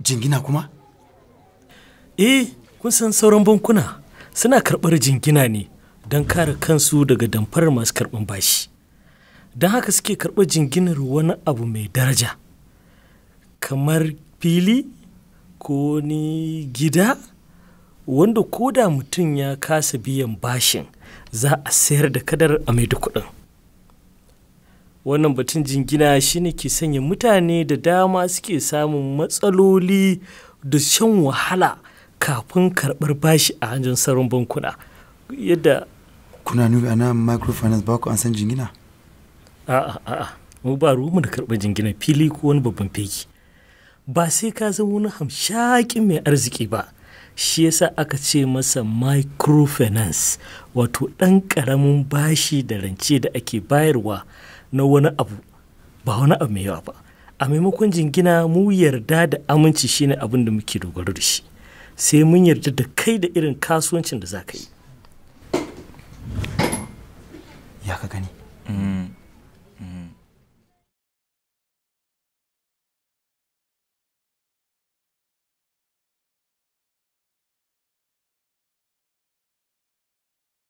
Jingina kuma? Eh, kun san sauran bankuna suna karɓar jingina ne don kare kansu daga damfarar masu karɓar bashi. Don haka suke karɓar jinginar wani abu mai daraja, kamar fili ko ni gida wanda ko da mutum ya kasa biyan bashin za a sayar da kadar a mai da kuɗin. wannan batun jingina shine ke sanya mutane da dama suke samun matsaloli da shan wahala kafin karɓar bashi a hanjin sauran bankuna yadda kuna nufi a nan microfinance ba ku an san jingina a'a a'a mu ba ruwanmu da karɓar jingina fili ko wani babban feki ba sai ka zama wani hamshakin mai arziki ba shi yasa aka ce masa microfinance wato ɗan ƙaramin bashi da rance da ake bayarwa na wani abu ba wani abu mai yawa ba a maimakon jingina mu yarda da aminci shine abin da muke dogaro da shi sai mun yarda da kai da irin kasuwancin da za ka yi ya ka gani mm.